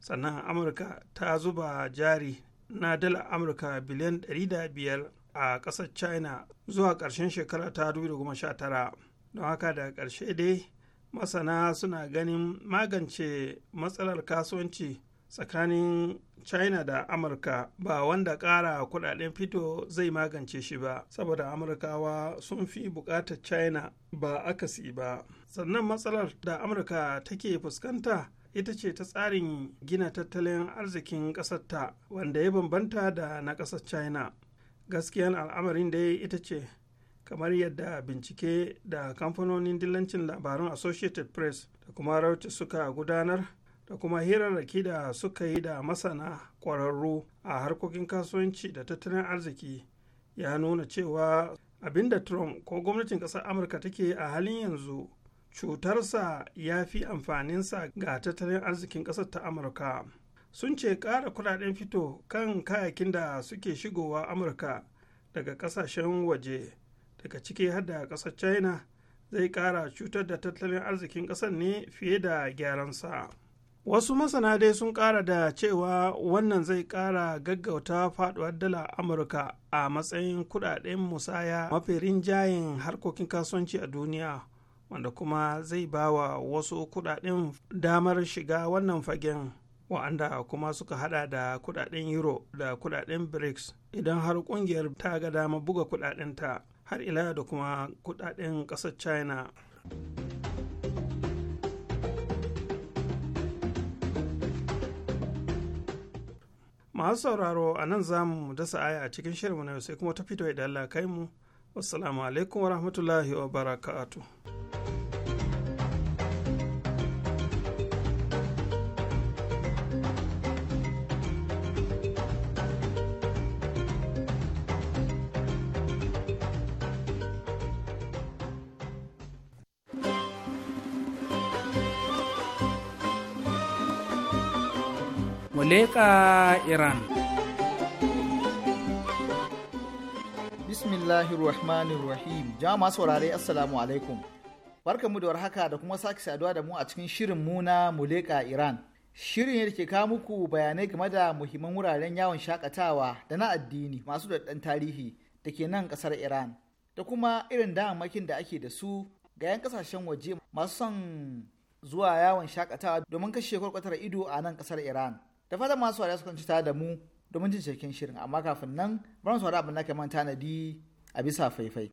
sannan amurka ta zuba jari na dala amurka biliyan 500 a ƙasar china zuwa ƙarshen shekara ta 2019 don haka daga ƙarshe dai masana suna ganin magance matsalar kasuwanci tsakanin china da amurka ba wanda ƙara kudaden fito zai magance shi ba saboda amurkawa sun fi buƙatar china ba akasi ba sannan matsalar da amurka take fuskanta ita ce ta tsarin gina tattalin arzikin ƙasarta wanda ya bambanta da na ƙasar china gaskiyan al'amarin dai ita ce kamar yadda bincike da kamfanonin dillancin labarun associated press da kuma Reuters suka gudanar da kuma hirarraki da suka yi da masana kwararru a harkokin kasuwanci da tattalin arziki ya nuna cewa abinda trump ko gwamnatin ƙasar amurka take a halin yanzu cutarsa ya fi amfaninsa ga tattalin arzikin ƙasar ta amurka sun ce kara kudaden fito kan kayakin da suke shigowa amurka daga kasashen waje daga ciki har da ƙasar china zai ƙara cutar da tattalin arzikin ƙasar ne fiye da gyaran sa. wasu masana dai sun ƙara da cewa wannan zai ƙara gaggauta faduwar dala amurka a matsayin kudaden musaya mafi rinjayen harkokin kasuwanci a duniya wanda kuma zai ba wa wasu kudaden damar shiga wannan fagen wa'anda kuma suka hada da kudaden euro da kudaden brics idan har kungiyar ta ga dama buga kudadenta har ila da kuma kudaden kasar china masu sauraro a nan za mu dasa aya a cikin shirin na sai kuma ta fito idan Allah kai mu wasu alaikum wa rahmatullahi wa barakatuh leƙa iran bismillahir rahmanir rahim jama'a saurare assalamu alaikum barkanmu da warhaka da kuma sake saduwa da mu a cikin shirin mu na iran shirin ne da ke kawo muku bayanai game da muhimman wuraren yawon shakatawa da na addini masu daɗan tarihi da ke nan ƙasar iran da kuma irin damammakin da ake da su ga 'yan ƙasashen waje masu son zuwa yawon shakatawa domin kashe kwarkwatar ido a nan ƙasar iran da fatan masu saurari su kwanci da mu domin jin cikin shirin amma kafin nan bari su abin da tanadi a bisa faifai.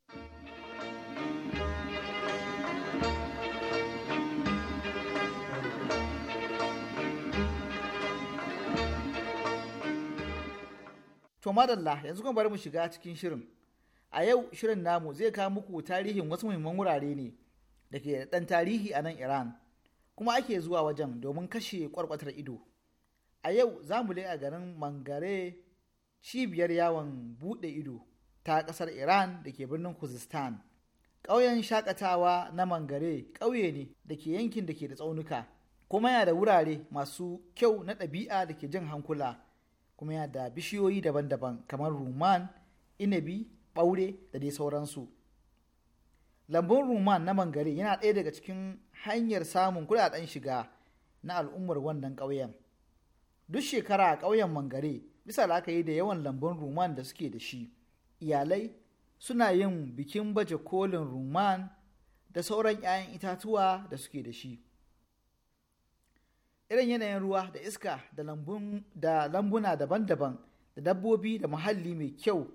To madalla yanzu kuma bari mu shiga cikin shirin. A yau shirin namu zai kawo muku tarihin wasu muhimman wurare ne da ke da ɗan tarihi a nan Iran kuma ake zuwa wajen domin kashe kwarkwatar ido. a yau za mu a garin mangare cibiyar yawon buɗe ido ta ƙasar iran da ke birnin kuzistan ƙauyen shakatawa na mangare ƙauye ne da ke yankin da ke da tsaunuka kuma yana da wurare masu kyau na ɗabi'a da ke jin hankula kuma yana da bishiyoyi daban-daban kamar ruman inabi ɓaure da dai sauransu lambun ruman na mangare yana ɗaya daga cikin hanyar samun kudaden shiga na al'ummar wannan ƙauyen duk shekara a ƙauyen mangare bisa la'akari da yawan lambun ruman da suke da shi iyalai suna yin bikin baje kolin ruman da sauran 'ya'yan itatuwa da suke da shi irin yanayin ruwa da iska da lambuna daban-daban da dabbobi da muhalli mai kyau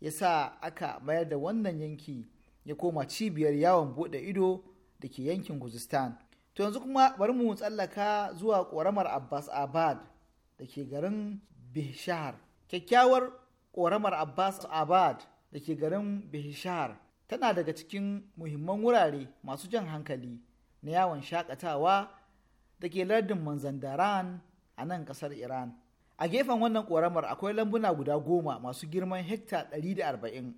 ya sa aka mayar da wannan yanki ya koma cibiyar yawon bude ido da ke yankin guzistan to yanzu kuma bari mu tsallaka zuwa ƙoramar abbas abad da ke garin bishahar kyakkyawar ƙoramar abbas abad da ke garin bihishar tana daga cikin muhimman wurare masu jan hankali na yawon shakatawa da ke lardin manzandaran a nan kasar iran a gefen wannan ƙoramar akwai lambuna guda goma masu girman hekta 140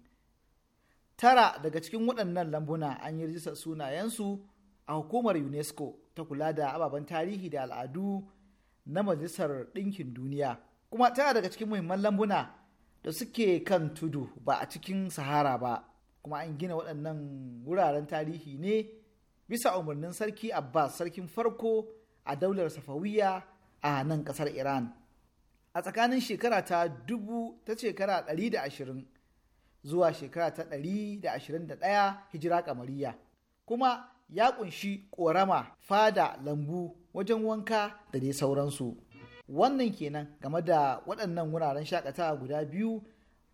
tara daga cikin waɗannan lambuna an yi rijistar sunayensu a hukumar unesco ta kula da ababen tarihi da al'adu na majalisar ɗinkin duniya kuma tana daga cikin muhimman lambuna da suke kan tudu ba a cikin sahara ba kuma an gina waɗannan wuraren tarihi ne bisa umarnin sarki abbas sarkin farko a daular safawiya a nan ƙasar iran a tsakanin shekara ta dubu ta shekara 120 zuwa shekara ta ɗaya hijira kamariya kuma ya ƙunshi ƙorama fada lambu wajen wanka da dai sauransu wannan kenan game da waɗannan wuraren shakatawa guda biyu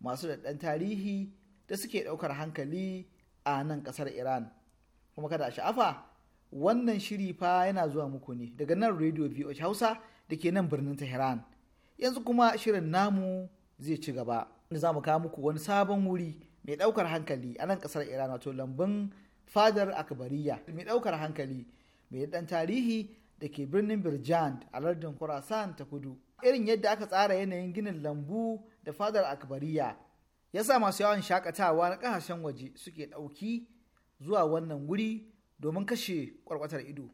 masu daɗan tarihi da suke ɗaukar hankali a nan ƙasar iran kuma kada a sha'afa wannan shiri fa yana zuwa muku ne daga nan radio voh hausa da ke nan birnin tehran yanzu kuma shirin namu zai ci gaba za mu kawo muku wani sabon wuri mai ɗaukar hankali a nan ƙasar iran wato lambun fadar akbariya mai ɗaukar hankali mai ɗan tarihi da ke birnin birjan a lardin khorasan ta kudu irin yadda aka tsara yanayin ginin lambu da fadar akbariya ya sa masu yawan shakatawa na kasashen waje suke ɗauki zuwa wannan wuri domin kashe kwarkwatar ido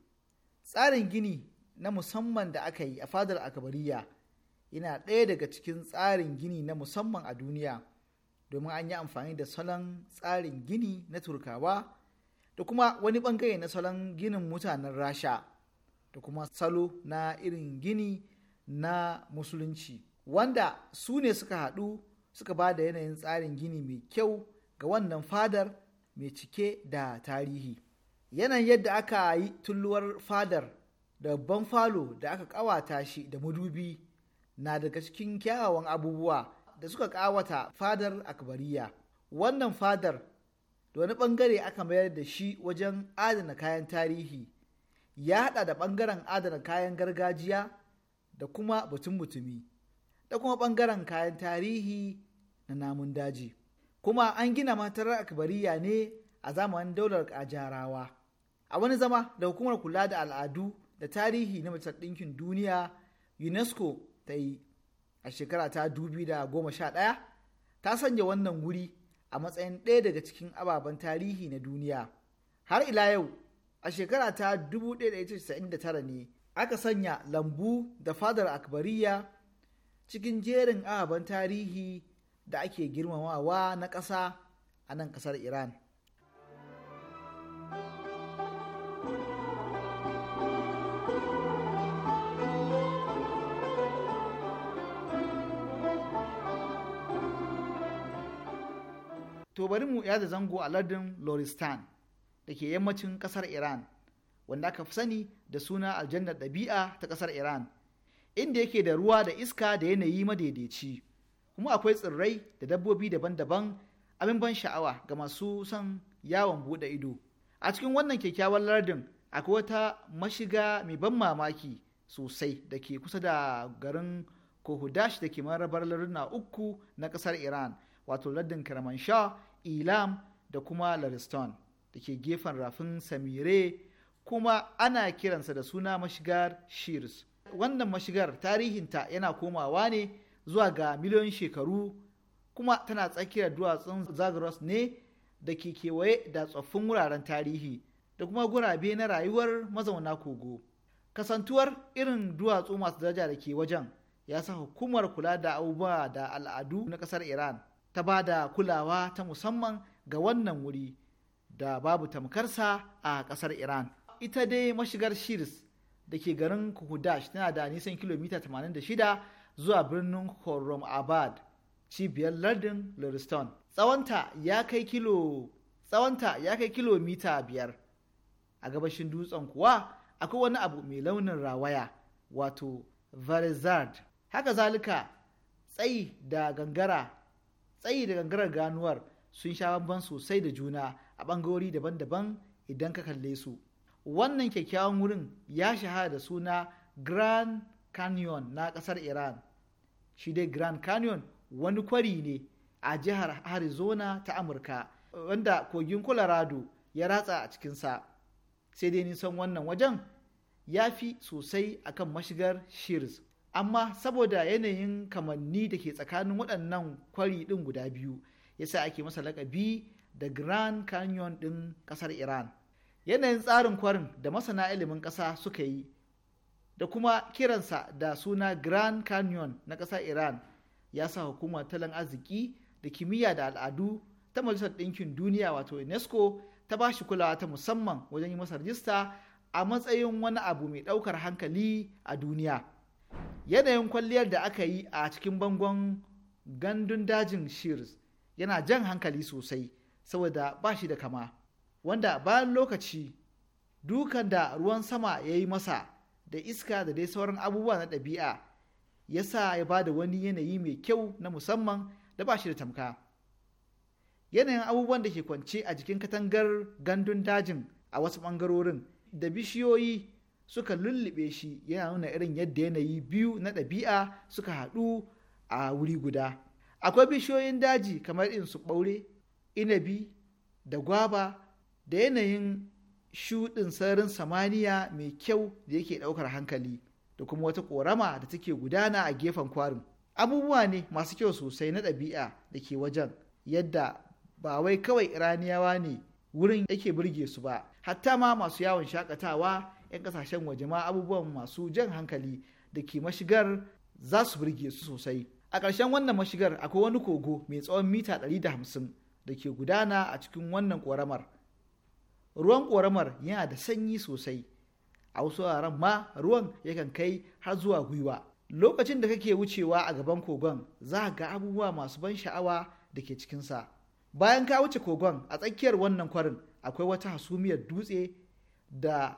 tsarin gini na musamman da aka yi a fadar akbariya yana ɗaya daga cikin tsarin gini na musamman a duniya domin an yi amfani da salon tsarin gini na turkawa da kuma wani ɓangare na salon ginin mutanen rasha da kuma salo na irin gini na musulunci wanda su ne suka haɗu suka ba da yanayin tsarin gini mai kyau ga wannan fadar mai cike da tarihi yanayin yadda aka yi tulluwar fadar da babban falo da aka ƙawata shi da madubi na daga cikin kyawawan abubuwa da suka ƙawata fadar akbariya wannan fadar da wani ɓangare aka mayar da shi wajen adana kayan tarihi ya haɗa da bangaren adana kayan gargajiya da kuma batun mutumi da kuma ɓangaren kayan tarihi na namun daji kuma an gina matar akbariya ne a zamanin daular kajarawa a wani zama da hukumar kula da al'adu da tarihi na majalisar ɗinkin duniya unesco ta yi a shekara ta ɗaya ta sanya wannan wuri a matsayin ɗaya daga cikin ababen tarihi na duniya har ila yau a shekara ta 1999 ne aka sanya lambu da fadar akbariya cikin jerin ababen tarihi da ake girmamawa na ƙasa a nan ƙasar iran to bari mu ya da zango a lardin loristan da ke yammacin kasar iran wanda aka fi sani da suna aljannar ɗabi'a ta kasar iran inda yake da ruwa da iska da yanayi madaidaici kuma akwai tsirrai da dabbobi daban-daban abin ban sha'awa ga masu son yawon buɗe ido a cikin wannan kyakkyawan lardin akwai wata mashiga mai ban mamaki sosai da ke kusa da garin kohudash da ke marabar larduna uku na kasar iran wato lardin kermanshah ilam da kuma lariston da ke gefen rafin samire kuma ana kiransa da suna mashigar shears wannan mashigar tarihinta yana komawa ne zuwa ga miliyoyin shekaru kuma tana tsakiyar duwatsun zagros ne da ke kewaye da tsoffin wuraren tarihi da kuma gurabe na rayuwar mazauna kogo kasantuwar irin duwatsu masu daraja da ke wajen ya sa hukumar kula da abubuwa da al'adu na kasar iran ta ba da kulawa ta musamman ga wannan wuri da babu tamkarsa a kasar iran ita dai mashigar shirs da ke garin kuhudash tana da nisan kilomita 86 zuwa birnin horom abad cibiyar lardin lurston tsawonta ya kai kilomita biyar a gabashin dutsen kuwa akwai wani abu mai launin rawaya wato Varizard. haka zalika tsayi da gangara tsayi da gangarar ganuwar sun sha bamban sosai da juna a ɓangarori daban-daban idan ka kalle su wannan kyakkyawan wurin ya shahara da suna grand canyon na ƙasar iran shi dai grand canyon wani kwari ne a jihar arizona ta amurka wanda kogin colorado ya ratsa a cikinsa sai dai nisan wannan wajen ya fi sosai akan mashigar shears amma saboda yanayin kamanni da ke tsakanin waɗannan kwari ɗin guda biyu yasa ake masa lakabi da grand canyon ɗin ƙasar iran yanayin tsarin kwarin da masana ilimin ƙasa suka yi da kuma kiransa da suna grand canyon na ƙasar iran ya sa hukumar talan arziki da kimiyya da al'adu ta majalisar ɗinkin duniya wato unesco ta ba shi kulawa ta musamman wajen yi masa rajista a matsayin wani abu mai ɗaukar hankali a duniya yanayin kwalliyar da aka yi a cikin bangon gandun dajin shears yana jan hankali sosai saboda ba shi da kama wanda bayan lokaci dukan da ruwan sama ya yi masa da iska da dai sauran abubuwa na ɗabi'a ya sa ya ba da wani yanayi mai kyau na musamman da ba shi da tamka yanayin abubuwan da ke kwance a jikin katangar gandun dajin a wasu ɓangarorin da bishiyoyi suka lullube shi yana nuna irin yadda yanayi biyu na ɗabi'a suka haɗu a wuri guda akwai bishiyoyin daji kamar in su ɓaure inabi da gwaba da yanayin shuɗin sararin samaniya mai kyau da yake ɗaukar hankali da kuma wata ƙorama da take gudana a gefen kwarin abubuwa ne masu kyau sosai na ɗabi'a da ke wajen yadda ba wai kawai iraniyawa ne wurin yake burge su ba hatta ma masu yawon shakatawa 'yan kasashen waje ma abubuwan masu jan hankali da ke mashigar za su burge su sosai a ƙarshen wannan mashigar akwai wani kogo mai tsawon mita 150 da ke gudana a cikin wannan ƙoramar ruwan ƙoramar yana da sanyi sosai a wasu wuraren ma ruwan yakan kai har zuwa gwiwa lokacin da kake wucewa a gaban kogon za ga abubuwa masu ban sha'awa da ke cikinsa bayan ka wuce kogon a tsakiyar wannan kwarin akwai wata hasumiyar dutse da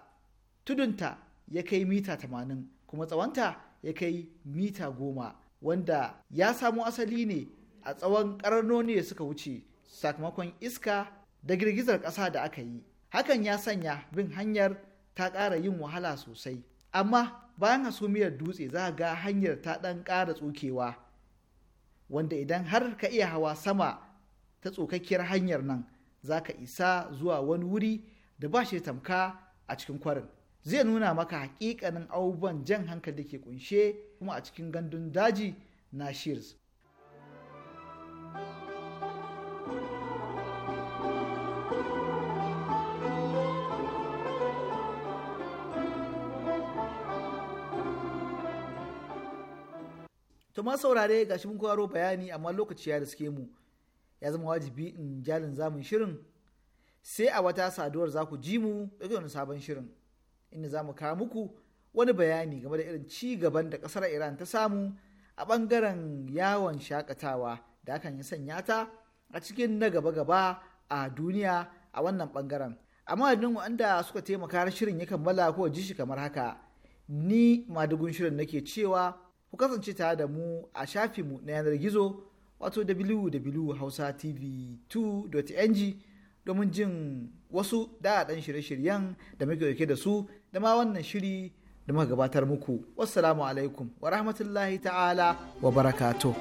tudunta ya kai mita tamanin kuma tsawonta ya kai mita goma wanda ya samo asali ne a tsawon ƙarnoni da suka wuce sakamakon iska da girgizar ƙasa da aka yi hakan ya sanya bin hanyar ta ƙara yin wahala sosai amma bayan hasumiyar dutse za ga hanyar ta ɗan ƙara tsokewa wanda idan har ka iya hawa sama ta tsokakkiyar hanyar nan za ka isa zuwa wani wuri da ba shi tamka a cikin kwarin zai nuna maka hakikanin abubuwan jan hankali da ke kunshe kuma a cikin gandun daji na shears to ma saurare shi mun kwaro bayani amma lokaci ya riske mu ya zama wajibi in jalin zamun shirin sai a wata saduwar za ku ji mu daga wani sabon shirin inda za mu kawo muku wani bayani game da irin ci gaban da kasar iran ta samu a bangaren yawon shakatawa da hakan ya sanya ta a cikin na gaba-gaba a duniya a wannan bangaren amma adinin wanda suka taimaka shirin ya kammala ko ji shi kamar haka ni madugun shirin nake cewa ku kasance tare da mu a shafinmu na yanar gizo wato www.hausatv2.ng domin jin wasu daɗaɗɗen shirye-shiryen da muke dauke da su da ma wannan shiri da muka gabatar muku. Wassalamu alaikum wa rahmatullahi ta'ala wa barakatuh.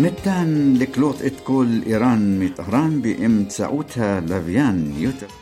نتان لكلوت اتكول إيران مي بإم تساوتها لافيان يوتيوب